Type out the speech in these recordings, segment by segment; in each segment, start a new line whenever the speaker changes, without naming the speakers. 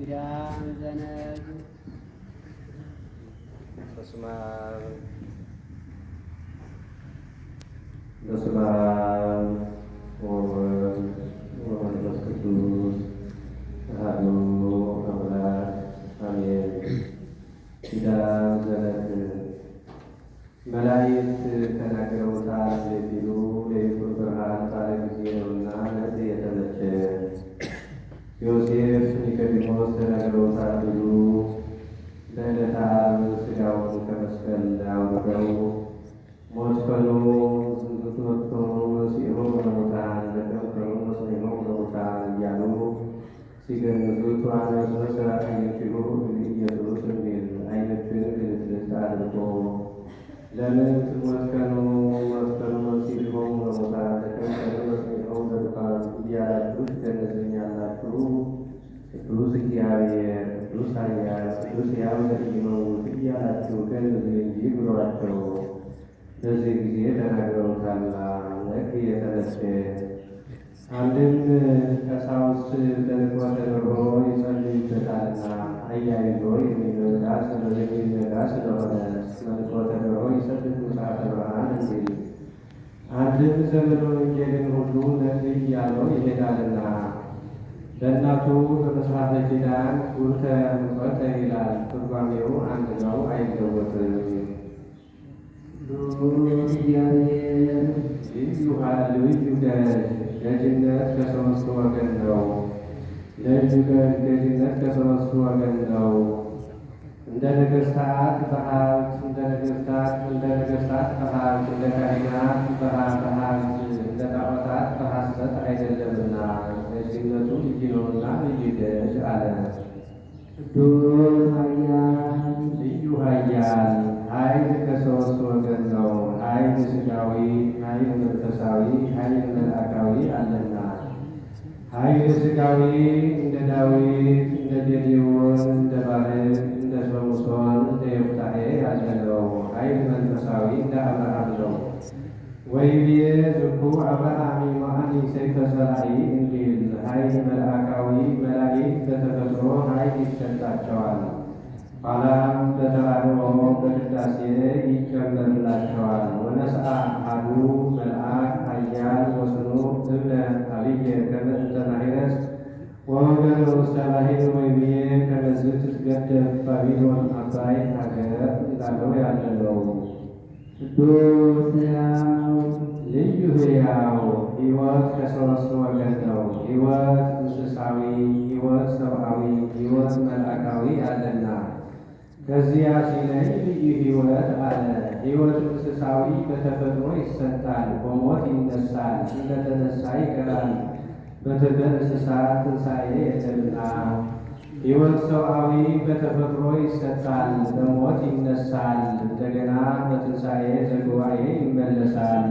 ኪዳነ ዘነግ
በስመ አብ በስመ አብ ወወልድ ወመንፈስ ቅዱስ አሐዱ አምላክ አሜን። ኪዳነ ዘነግ መላእክት ተናግረውታል ቢሉ ለይቱ ብርሃን ባለ ጊዜ ነውና ለዚህ የተመቸ ዮሴፍ ሐሙስ ተነግረውታል ብዙ በዕለተ ዓርብ ሥጋውን ከመስቀል አውርደው ሞት ከሎ ዝንቱ ወጥቶ ሲሆ በሙታን ለቀብረው መስሌሆ በሙታን እያሉ ሲገንዙት ዋነስ መስራት አይነችሁ ኢየሱስ የሚል አይነችን ግልጽ አድርጎ ለምን ተናገሩ። በዚህ ጊዜ ተናገሩታል አምላክ የተነደ አንድም ቀሳውስት ተልኮ ተደርጎ ይጸልዩበታልና አያይዞ የሚመጣ ስለሚመጣ ስለሆነ መልኮ ተደርጎ ይሰድዱ ሰዓተ ብርሃን እንዲል አንድም ዘመነ ወንጌልን ሁሉ ነቢይ እያለው ይሄዳልና በእናቱ በመስራተ ኪዳን ጉርተ ሙቀት ይላል። ትርጓሜው አንድ ነው፣ አይለወጥም። dan juga gajinat ke sama semua gandau Indah negeri saat tahan, indah negeri saat, indah negeri saat tahan, indah kainat tahan, tahan, indah tak patah, tahan, indah tak ada yang benar Dan juga itu bikin orang lain juga ada Duh hayan, liyuh hayan, ኃይል ከሶስት ወገን ነው፣ ኃይል ስጋዊ ኃይል መንፈሳዊ፣ ኃይል መልአካዊ አለና። ኃይል ስጋዊ እንደ ዳዊት፣ እንደ ጌዴዎን፣ እንደ ባርቅ፣ እንደ ሰሙሶን፣ እንደ ዮፍታሔ ያለ ነው። ኃይል መንፈሳዊ እንደ አብርሃም ነው። ወይቤ ዝኩ አብርሃም መሐኒ ሰይፈ ሰራይ እንዲል ኃይል መልአካዊ መላእክት በተፈጥሮ ኃይል ይሰጣቸዋል። Alam tetelah ngomong kecerdasnya dan lacuan Menasak adu melak ayat wasenuk Sudah halik karena sudah lahir Wawakan sudah lahir Wawimie karena sudah tegak dan pabiduan yang jendong Sudah siang Lijuh riau Iwat kesolah suaga jauh Iwat kususawi Iwat sawawi melakawi adenah ከዚያ ሲለይ ልዩ ህይወት አለ። ሕይወት እንስሳዊ በተፈጥሮ ይሰጣል፣ በሞት ይነሳል፣ ስለተነሳ ይቀራል። በትርገ እንስሳ ትንሣኤ የለምና። ሕይወት ሰብአዊ በተፈጥሮ ይሰጣል፣ በሞት ይነሳል፣ እንደገና በትንሣኤ ዘጉባኤ ይመለሳል።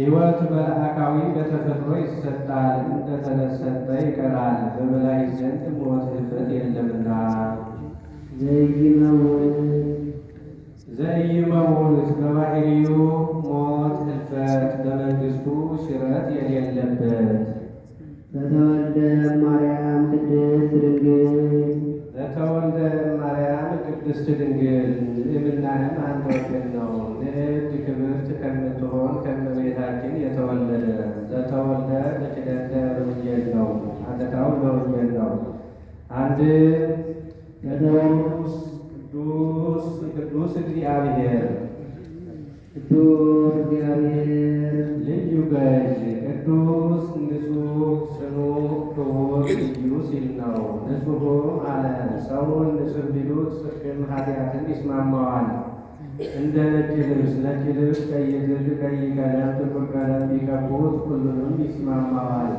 ህይወት መልአካዊ በተፈጥሮ ይሰጣል፣ እንደተሰጠ ይቀራል፣ በመላእክት ዘንድ ሞት ሕልፈት የለምና። ዘይመውት በባህሪው ሞት እልፈት በመንግሥቱ ሽረት የሌለበት
በተወልደ ማርያም ቅድስት ድንግል
በተወልደ ማርያም ቅድስት ድንግል እምናህም አንድ ወገን ነው። ንዕድ ክብርት ከምትሆን ከመቤታችን የተወለደ ዘተወልደ በኪደተ በወንጌል ነው። አተታው በወንጌል ነው አንድ ቅዱስ ቅዱስ ቅዱስ እግዚአብሔር
ቅዱስ እግዚአብሔር
ልዩ ገዥ ቅዱስ ንጹሕ ጽኑ ክቡር ልዩ ሲል ነው። ንጹሑም አለ ሰውን ንጹሕ ቢሉት ጽድቅም ኃጢአትን ይስማማዋል። እንደ ነጭ ልብስ ነጭ ልብስ ቀይ ቀለም ጥቁር ቀለም ቢቀቡት ሁሉንም ይስማማዋል።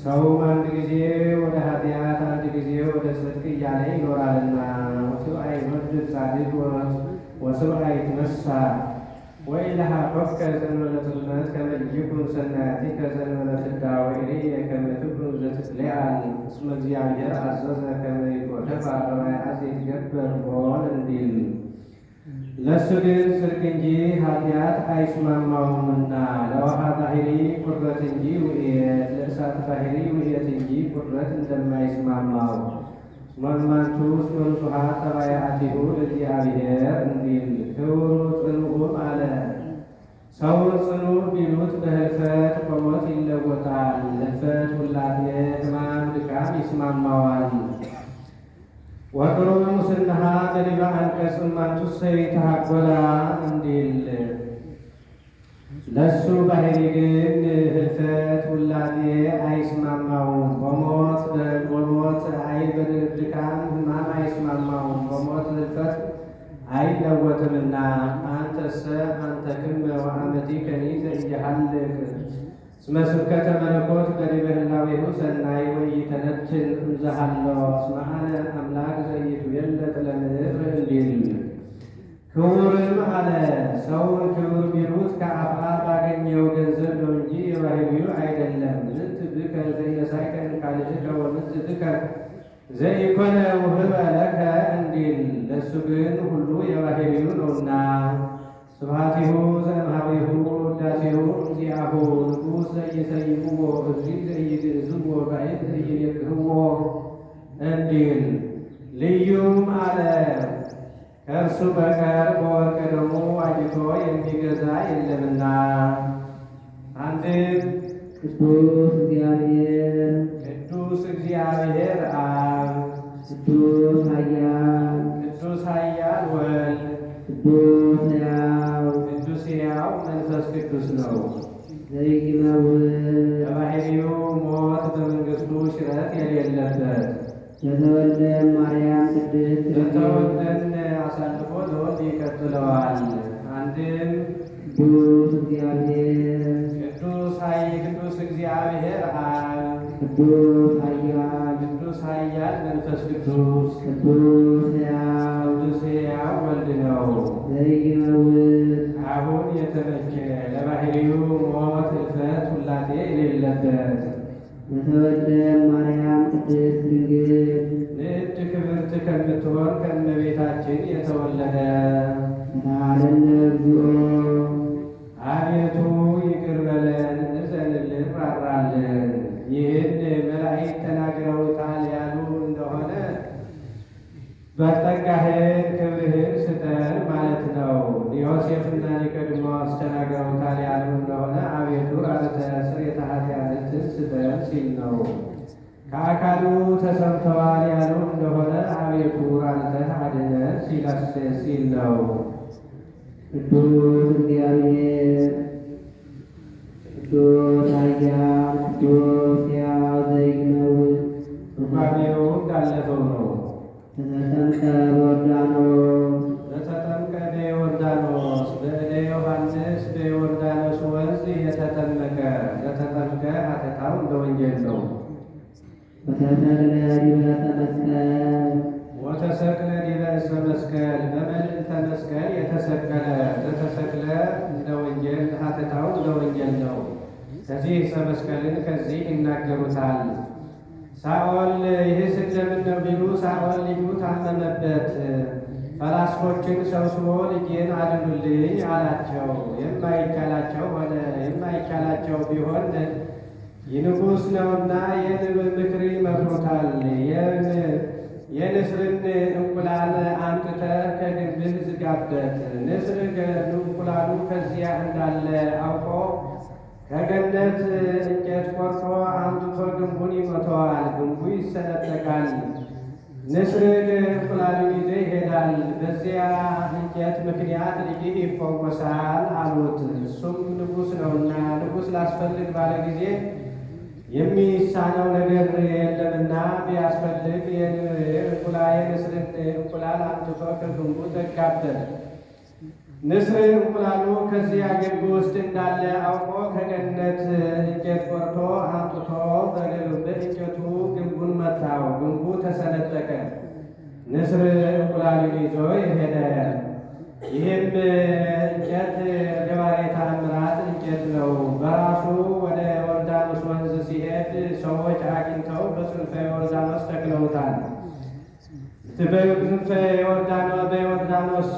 ሰውም አንድ ጊዜ ወደ ኃጢአት አንድ ጊዜ ወደ ጽድቅ እያለ ይኖራልና ወስብአ ይመድብ ጻድቅ ወስብአ ይትነሳ ወኢለሀኮከ ዘእንበለ ጽልመት ከመ ትኩን ሰናያቲከ ዘእንበለ ፍዳ ወኢሬየ ከመ ትኩን ዘትትለዓል እስመ እግዚአብሔር አዘዘ ከመ ይኮተፍ አበባይ አዝ ይትገበር ጎል እንዲል ለእሱ ግን ጽድቅ እንጂ ኃጢአት አይስማማውምና ለውሃ ባህሪ ቁረት እንጂ ውእየት፣ ለእሳት ባህሪ ውእየት እንጂ ቁረት እንደማይስማማው ስመማንቱ እስመ ንጹሐ ጠባያቲሁ ለእግዚአብሔር እንዲል ክቡሩ ጽኑዑም አለ። ሰውን ጽኑዕ ቢሉት በህልፈት ቆሞት ይለወጣል። ህልፈት ሁላትነ ሕማም ድካም ይስማማዋል። ወቅሩብ ሙስና ገሪባ አንቀጽም አንቱስ ሰቤት ሀጎላ እንዲል ለሱ ባህሪ ግን ህልፈት ውላጤ አይስማማውም። በሞት በሞት አይ በድካም ህማም አይስማማውም። በሞት ህልፈት አይለወጥምና አንተሰ አንተክም ወአመቲ ከኒት እንዲሃል እስመ ስብከተ መለኮት ገዲበ ህላዌሁ ሰናይ ወኢተነትን እምዘሃለወ እስመ አነ አምላክ ዘኢትቤለ ለምድር እንዲል ክቡርም አለ። ሰውን ክቡር ቢሉት ከአፋ ባገኘው ገንዘብ ነው እንጂ የባህሪው አይደለም። ዝንት ብከ ዘየሳይከን ካልዝከ ወምንት ብከ ዘኢኮነ ውህበ ለከ እንዲል ለእሱ ግን ሁሉ የባህሪው ነውና ስብሐቲሁ ዘእምሃቤሁ ውዳሴሁ እግዚአሁ ንጉሥ ዘኢሰይብዎ እዚ ዘኢግዕዝዎ ባዕድ ዘኢየቅህዎ እንዲል ልዩም አለ ከእርሱ በቀር በወርቅ ደግሞ አጊጦ የሚገዛ የለምና። አንድም
ቅዱስ እግዚአብሔር
ቅዱስ እግዚአብሔር አብ
ቅዱስ ኃያል
ቅዱስ ኃያል ወልድ መንፈስ ቅዱስ ነው።
ዘይግነውን
በባሕርዩ ሞት በመንግሥቱ ሽረት የሌለበት
ለተወልደን ማርያም ቅድስት
ለተወልደን አሳልፎ ለወልድ ይቀጥለዋል። አንድም
ቅዱስ እግዚአብሔር
ቅዱስ ሀይ ቅዱስ እግዚአብሔር አብ
ቅዱስ ኃያል ቅዱስ
ኃያል መንፈስ ቅዱስ ቅዱስ ሕያው ቅዱስ ሕያው ወልድ ነው። የሌለበት
የተወደደ ማርያም ቅድስት ድንግል
ንድ ክብርት ከምትሆን ከእመቤታችን የተወለደ
ናለን እግዚኦ
አቤቱ ይቅር በለን እዘንልን ራራለን። ይህን መላእክት ተናግረውታል ያሉ እንደሆነ በጸጋህን ክብርህን ስጠን ማለት ነው። ዮሴፍና ኒቆዲሞስ ተናግረውታል ያሉ እንደሆነ አቤቱ ዓለተ ስርየተ ኃጢአትን ሲል ነው። ከአካሉ ተሰምተዋል ያሉ እንደሆነ አቤቱ አንተ አድነን ሲላስ ሲል ነው።
ቅዱስ እግዚአብሔር ቅዱስ ቅዱስ
እንዳለፈው ነው። ገለጸው።
ወተሰቅለ ዲበ ተመስቀል
ወተሰቅለ ዲበ ተመስቀል በመልዕልተ መስቀል የተሰቀለ ተተሰቅለ እንደ ወንጌል ሀተታው እንደ ወንጌል ነው። ከዚህ ሰመስቀልን ከዚህ ይናገሩታል። ሳኦል ይህ እንደምን ነው ቢሉ ሳኦል ልጁ ታመመበት። ፈላስፎችን ሰብስቦ ልጄን አድኑልኝ አላቸው። የማይቻላቸው ሆነ። የማይቻላቸው ቢሆን ይንጉሥ ነውና የንብ ምክሪ መክሮታል። የንስርን እንቁላል አምጥተ ከግንድህ ዝጋበት። ንስር እንቁላሉ ከዚያ እንዳለ አውቆ ከገነት እንጨት ቆርጦ አምጥቶ ግንቡን ይመተዋል፣ ግንቡ ይሰነጠቃል። ንስር እንቁላሉ ይዞ ይሄዳል። በዚያ እንጨት ምክንያት ልጅ ይፈወሳል አሉት። እሱም ንጉስ ነውና ንጉስ ላስፈልግ ባለ ጊዜ የሚሳነው ነገር የለምና ቢያስፈልግ እንቁላል እንቁላል አምጥቶ ከግንቡ ዘጋበት። ንስር እንቁላሉ ከዚህ ግንብ ውስጥ እንዳለ አውቆ ከገነት እንጨት ቆርጦ አምጥቶ በእንጨቱ ግንቡን መታው፣ ግንቡ ተሰነጠቀ። ንስር እንቁላሉን ይዞ ይሄዳል። ይህም እንጨት ደባሬ ታምራት እንጨት ነው። በራሱ ወደ ዮርዳኖስ ወንዝ ሲሄድ ሰዎች አግኝተው በጽንፈ ዮርዳኖስ ተክለውታል። በዮርዳኖስ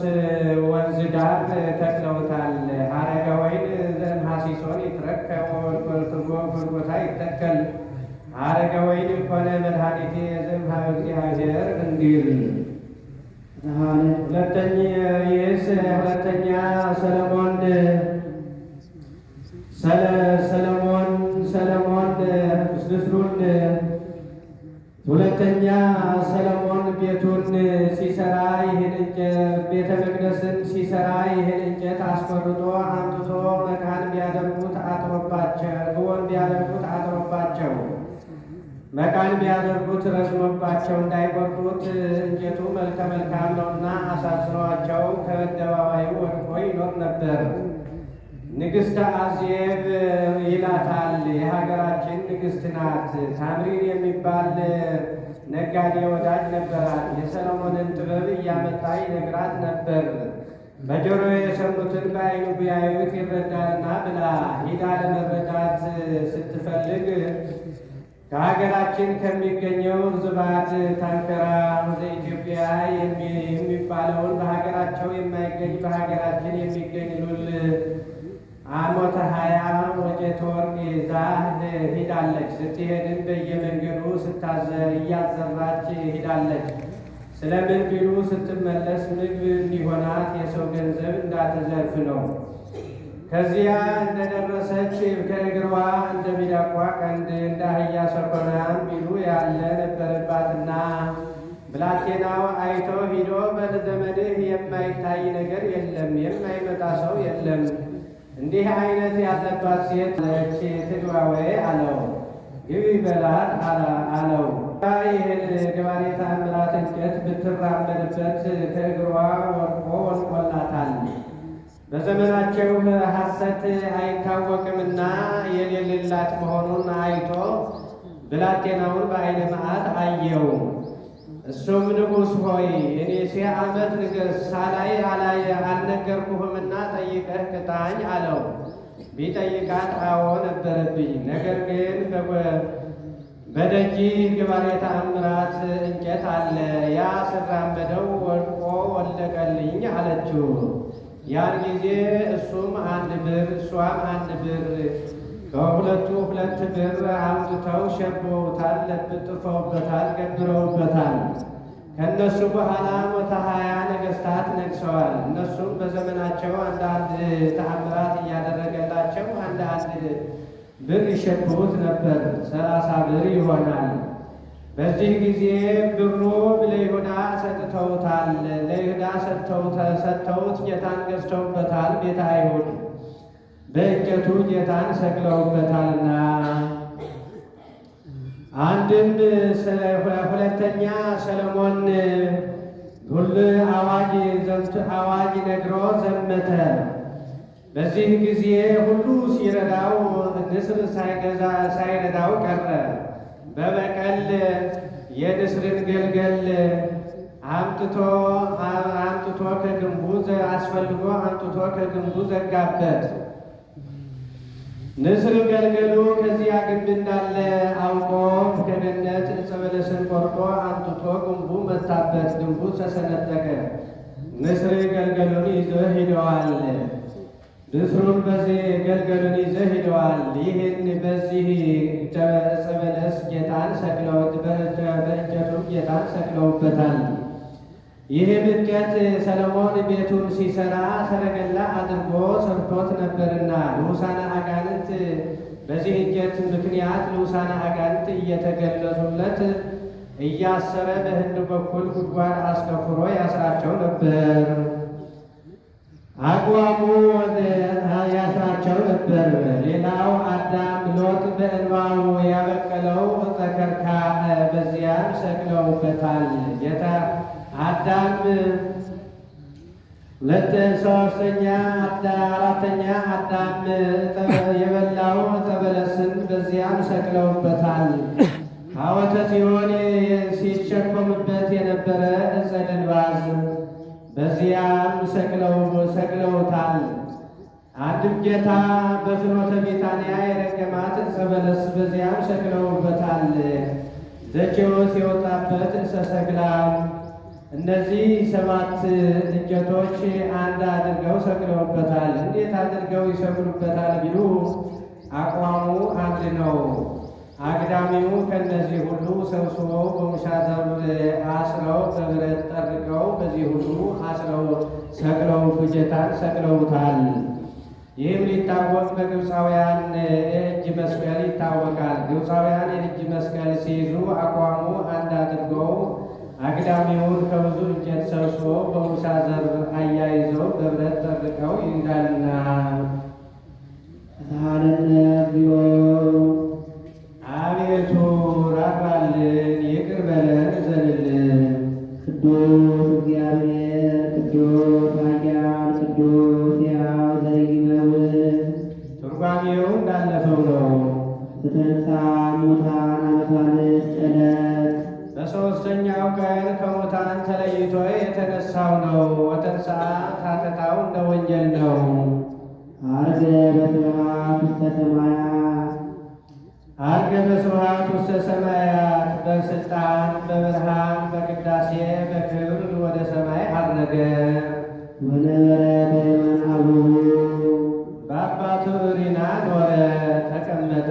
ወንዝ ዳር ተክለውታል። ሀረገ ወይን ዘእምሐሲሶን ይትረከብ ወልኮልክጎ ጎልጎታ ይተከል ሀረገ ወይን ኮነ መድኃኒቴ ዘእምኀበ እግዚአብሔር እንዲል ሁለተኛ ይህስ ሁለተኛ ሰለሞን ሰለሞን ሰለሞን ምስሉን ሁለተኛ ሰለሞን ቤቱን ሲሰራ ይህን እንጨት ቤተ መቅደስን ሲሰራ ይህን እንጨት አስቆርጦ አምጥቶ መቃን ቢያደርጉት አጥሮባቸው ብወን ቢያደርጉት አጥሮባቸው መቃን ቢያደርጉት ረዝሞባቸው እንዳይቆርጡት እንጨቱ መልከ መልካም ነውና አሳስረዋቸው ከአደባባዩ ወድቆ ይኖር ነበር። ንግሥተ አዜብ ይላታል፣ የሀገራችን ንግሥት ናት። ታምሪር የሚባል ነጋዴ ወዳጅ ነበራት። የሰለሞንን ጥበብ እያመጣ ይነግራት ነበር። በጆሮ የሰሙትን በአይኑ ቢያዩት ይረዳልና ብላ ሂዳ ለመረዳት ስትፈልግ ከሀገራችን ከሚገኘው ዝባት ታንከራ ዘኢትዮጵያ የሚባለውን በሀገራቸው የማይገኝ በሀገራችን የሚገኝ ሉል አሞተ ሀያ ወቄት ወርቅ ይዛ ሂዳለች። ስትሄድን በየመንገዱ ስታዘር እያዘራች ሂዳለች። ስለምን ቢሉ ስትመለስ ምግብ እንዲሆናት የሰው ገንዘብ እንዳትዘርፍ ነው። ከዚያ እንደደረሰች ከእግሯ እንደ ሚዳቋ ቀንድ እንደ አህያ ሰኮና ቢሉ ያለ ነበረባትና ብላቴናው አይቶ ሂዶ በዘመድህ የማይታይ ነገር የለም፣ የማይመጣ ሰው የለም፣ እንዲህ አይነት ያለባት ሴት ለች ትግባ ወይ አለው። ግቢ በላት አለው። ይህን ገባሬ ታምራት እንጨት ብትራመድበት ከእግሯ ወርቆ ወድቆላታል። በዘመናቸው ሐሰት አይታወቅምና የሌልላት መሆኑን አይቶ ብላቴናውን በአይነ መዓት አየው። እሱም ንጉሥ ሆይ እኔ ሴ ዓመት ንገሥ ሳላይ አልነገርኩህምና ጠይቀህ ቅጣኝ አለው። ቢጠይቃት አዎ ነበረብኝ፣ ነገር ግን በደጅ ግባሬ ተአምራት እንጨት አለ፣ ያ ስራመደው ወድቆ ወለቀልኝ አለችው። ያን ጊዜ እሱም አንድ ብር እሷም አንድ ብር ከሁለቱ ሁለት ብር አምጥተው ሸቦውታል፣ ለጥፈውበታል፣ ገብረውበታል። ከእነሱ በኋላ ሞተ ሀያ ነገስታት ነግሰዋል። እነሱም በዘመናቸው አንዳንድ ተአምራት እያደረገላቸው አንዳንድ ብር ይሸክቡት ነበር። ሰላሳ ብር ይሆናል። በዚህ ጊዜ ብሩ ለይሁዳ ሰጥተውታል። ለይሁዳ ሰጥተውት ጌታን ገዝተውበታል። ቤተ አይሁድ በእጀቱ ጌታን ሰቅለውበታልና አንድም ሁለተኛ ሰለሞን ሁሉ አዋጅ ዘንቱ አዋጅ ነግሮ ዘመተ። በዚህ ጊዜ ሁሉ ሲረዳው ንስር ሳይገዛ ሳይረዳው ቀረ። በበቀል የንስርን ገልገል አምጥቶ አምጥቶ ከግንቡ አስፈልጎ አምጥቶ ከግንቡ ዘጋበት። ንስር ገልገሉ ከዚያ ግንብ እንዳለ አውቆ ከገነት ዕፀ በለስን ቆርጦ አምጥቶ ግንቡ መታበት፣ ግንቡ ተሰነጠቀ። ንስር ገልገሉን ይዞ ሂደዋል። ንስሩን በዚህ ገልገሉን ይዘህ ሂደዋል። ይህን በዚህ ዕፀ በለስ ጌታን ሰቅለውት በእንጨቱም ጌታን ሰቅለውበታል። ይህ እንጨት ሰለሞን ቤቱን ሲሰራ ሰረገላ አድርጎ ሰርቶት ነበርና ንዑሳነ አጋንንት በዚህ እንጨት ምክንያት ንዑሳነ አጋንንት እየተገለጹለት እያሰረ በህንድ በኩል ጉድጓድ አስከፍሮ ያስራቸው ነበር። አቋሙ ያስራቸው ነበር። ሌላው አዳም ሎጥ በእንባው ያበቀለው ተከርካ በዚያም ሰቅለውበታል። ጌታ አዳም ሁለት ሶስተኛ አራተኛ አዳም የበላው ተበለስን በዚያም ሰቅለውበታል። ሐወተ ሲሆን ሲቸኮምበት የነበረ ዕፀ በዚያም ሰቅለው ሰቅለውታል። አንድም ጌታ በፍኖተ ቢታንያ የረገማትን ሰበለስ በዚያም ሰቅለውበታል። ዘኬዎስ የወጣበት እንሰሰግላም እነዚህ ሰባት እንጨቶች አንድ አድርገው ሰቅለውበታል። እንዴት አድርገው ይሰቅሉበታል ቢሉ አቋሙ አንድ ነው። አግዳሚው ከእነዚህ ሁሉ ሰብስቦ በሙሻዘብ አስረው በብረት ጠርቀው በዚህ ሁሉ አስረው ሰቅለው ጉጀታን ሰቅለውታል። ይህም ሊታወቅ በግብፃውያን እጅ መስቀል ይታወቃል። ግብፃውያን የእጅ መስቀል ሲይዙ አቋሙ አንድ አድርገው አግዳሚውን ከብዙ እንጨት ሰብስቦ ዘር አያይዘው በብረት ጠርቀው ይይዛልና
ታለነ ቢዮ
ሦስተኛው ቀን ከሙታን ተለይቶ የተነሳው ነው። ወተንሥአ ኃተታው እንደ ወንጀል ነው።
አርገ በስብሐት ውስተ ሰማያት
አርገ በስብሐት ውስተ ሰማያት በስልጣን በብርሃን በቅዳሴ በክብር ወደ ሰማይ አረገ።
ወነበረ በየማነ
በአባቱ ሪና ኖረ ተቀመጠ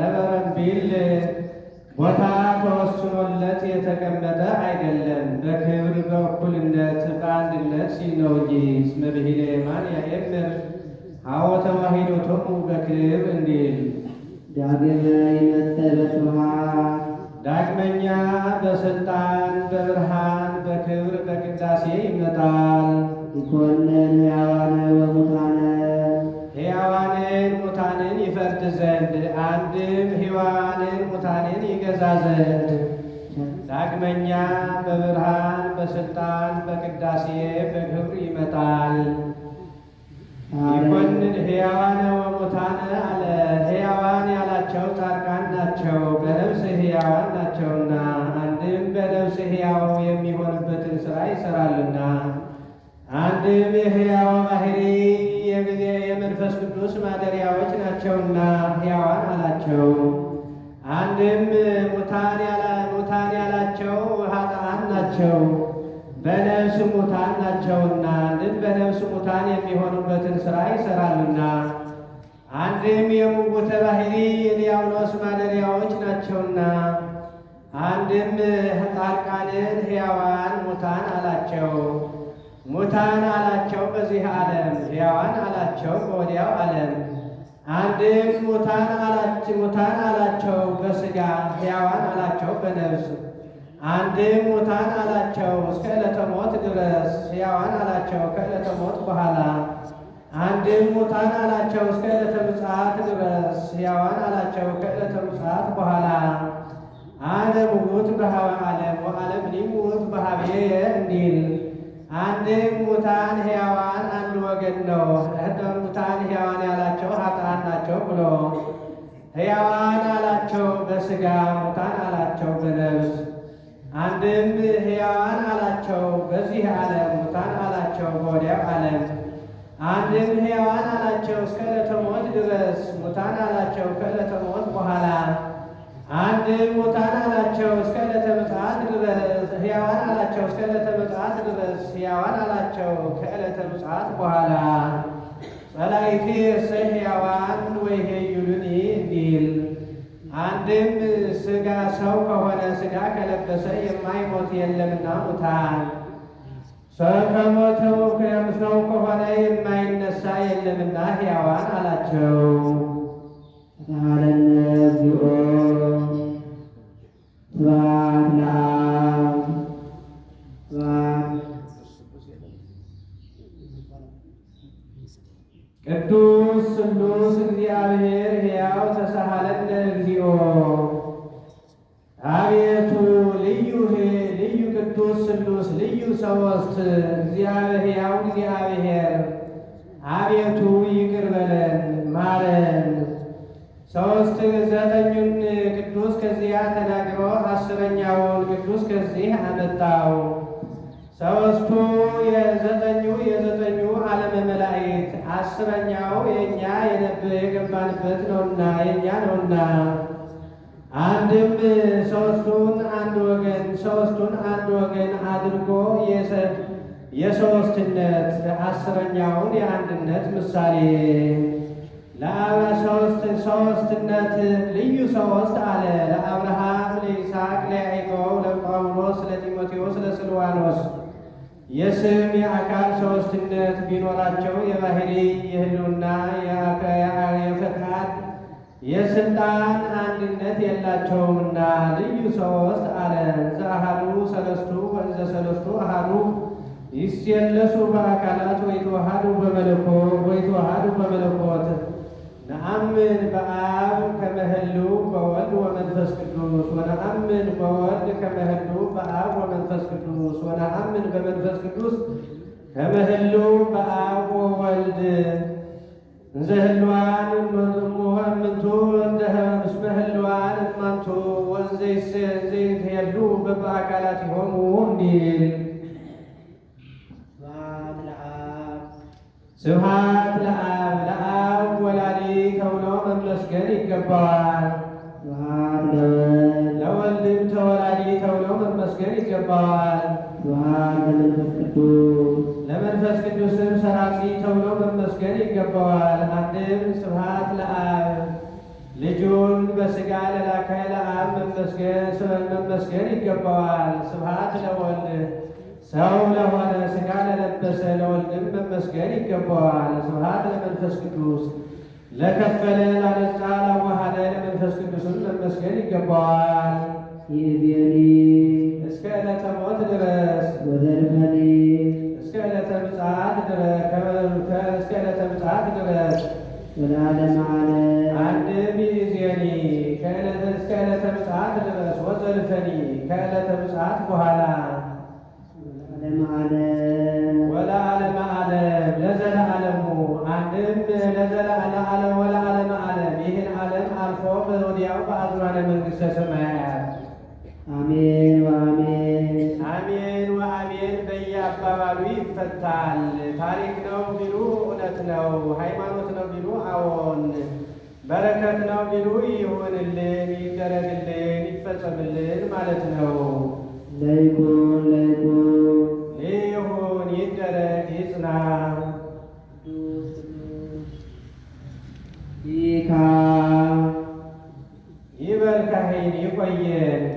ነበረን ቢል ቦታ ተመርጦለት የተቀመጠ አይደለም። በክብር በእኩልነት በአንድነት ሲነው እንጂ እስመ ብሂለ የማን ያእምር አዎ ተዋሂዶቶሙ በክብር እንዲል
ዳግመ ይመጽእ በስብሐት
ዳግመኛ በስልጣን በብርሃን በክብር በቅዳሴ ይመጣል።
ይኮንን ያዋነ ወሙታነ
ሕያዋንን ሙታንን ይፈርድ ዘንድ አንድም ሕያዋንን ሙታንን ይገዛ ዘንድ ዳግመኛ በብርሃን በስልጣን በቅዳሴ በክብር ይመጣል። ይኮንን ሕያዋን ወሙታን አለ። ሕያዋን ያላቸው ጻድቃን ናቸው፣ በነብስ ሕያዋን ናቸውና አንድም በነብስ ሕያው የሚሆንበትን ሥራ ይሠራልና አንድም የሕያው ባህሪ የመንፈስ ቅዱስ ማደሪያዎች ናቸውና ሕያዋን አላቸው። አንድም ሙታን ያላ ናቸው። በነፍስ ሙታን ናቸውና ግን በነፍስ ሙታን የሚሆኑበትን ሥራ ይሠራሉና አንድም የሙጉተ ባህሪ የዲያብሎስ ማደሪያዎች ናቸውና አንድም ጻድቃንን ሕያዋን ሙታን አላቸው። ሙታን አላቸው በዚህ ዓለም፣ ሕያዋን አላቸው በወዲያው ዓለም። አንድም ሙታን አላቸው በሥጋ፣ ሕያዋን አላቸው በነፍስ አንድም ሙታን አላቸው እስከ ዕለተ ሞት ድረስ፣ ሕያዋን አላቸው ከዕለተ ሞት በኋላ። አንድም ሙታን አላቸው እስከ ዕለተ ምጽአት ድረስ፣ ሕያዋን አላቸው ከዕለተ ምጽአት በኋላ። አለም ውት በሃበ ዓለም ወዓለም ሊሙት በሃብየ እንዲል አንድም ሙታን ሕያዋን አንድ ወገን ነው። ሙታን ሕያዋን ያላቸው ኃጥአን ናቸው ብሎ ሕያዋን አላቸው በሥጋ ሙታን አላቸው በነብስ አንድም ሕያዋን አላቸው በዚህ ዓለም፣ ሙታን አላቸው በወዲያው ዓለም። አንድም ሕያዋን አላቸው እስከ ዕለተ ሞት ድረስ፣ ሙታን አላቸው ከዕለተ ሞት በኋላ። አንድም ሙታን አላቸው እስከ ዕለተ ምጽአት ድረስ፣ ሕያዋን አላቸው እስከ ዕለተ ምጽአት ድረስ፣ ሕያዋን አላቸው ከዕለተ ምጽአት በኋላ። ጸላይቴ እሰይ ሕያዋን ወይሄ ይሉኒ እንዲል አንድም ስጋ ሰው ከሆነ ስጋ ከለበሰ የማይሞት የለምና ሙታን ሰው ከሞተው ሰው ከሆነ የማይነሳ የለምና ሕያዋን አላቸው።
ተባለነ ዚኦ
ቅዱስ ስሉስ እግዚአብሔር ሕያው ተሳሃለነ እግዚኦ አቤቱ ልዩ ልዩ ቅዱስ ስሉስ ልዩ ሰወስት እግዚአብሔር እግዚአብሔር አቤቱ ይቅር በለን ማረን። ሰወስት ዘጠኙን ቅዱስ ከዚያ ተናግሮ አስረኛውን ቅዱስ ከዚህ አመጣው። ሰወስቱ የዘጠኙ የዘጠኙ ዓለም መላእክት አስረኛው የእኛ የነብ የገባንበት ነውና የእኛ ነውና አንድም ሶስቱን አንድ ወገን ሶስቱን አንድ ወገን አድርጎ የሶስትነት አስረኛውን የአንድነት ምሳሌ ለአብረ ሶስት ሶስትነት ልዩ ሶስት አለ ለአብርሃም፣ ለይስሐቅ፣ ለያዕቆብ፣ ለጳውሎስ፣ ለጢሞቴዎስ፣ ለስልዋኖስ የስም የአካል ሶስትነት ቢኖራቸው የባህሪ የህልውና የፍጥረት የስልጣን አንድነት የላቸውምና ልዩ ሶስት አለ። ዘአሃዱ ሰለስቱ ወእንዘ ሰለስቱ አሃዱ ይስየለሱ በአካላት ወይተዋሃዱ በመለኮት ወይተዋሃዱ በመለኮት نأمن بآب كما هلو بولد ومن فسك الدنوس ونأمن بولد كما هلو بآب ومن فسك الدنوس ونأمن بمن فسك الدنوس كما هلو بآب وولد زهلوان المهمن تو وندها اسمه اللوان المهمن تو وزي سيزين هيلو ببعكالاتهم وندين
سبحان الله
سبحان الله ማመስገን ይገባዋል። ለወልድም ተወላዲ ተብሎ መመስገን ይገባዋል። ለመንፈስ ቅዱስም ሰራጺ ተብሎ መመስገን ይገባዋል። አንድም ስብሐት ለአብ ልጁን በስጋ ለላከ ለአብ መመስገን መመስገን ይገባዋል። ስብሐት ለወልድ ሰው ለሆነ ስጋ ለለበሰ ለወልድም መመስገን ይገባዋል። ስብሐት ለመንፈስ ቅዱስ ለከፈለን አነጻ ላዋሃደ መንፈስ ቅዱስን መመስገን ይገባዋል።
ይእዜኒ
እስከ ዕለተ ሞት ድረስ
ወዘድፈኒ እስከ
ዕለተ ምጽአት ድረስ እስከ ዕለተ ምጽአት ድረስ
ወለዓለመ ዓለም
አንድም ይእዜኒ እስከ ዕለተ ምጽአት ድረስ ወዘድፈኒ ከዕለተ ምጽአት በኋላ
ወለዓለመ ዓለም
ያው በአዝማነ መንግሥተ ሰማያት
አሜን ወአሜን
አሜን ወአሜን በየአባባሉ ይፈታል። ታሪክ ነው ቢሉ እውነት ነው። ሃይማኖት ነው ቢሉ አዎን። በረከት ነው ቢሉ ይሁንልን፣ ይደረግልን፣ ይፈጸምልን ማለት ነው።
ለይኩን ለይኩን
ይሁን፣ ይደረግ፣ ይጽና ይካ 欢迎欢迎。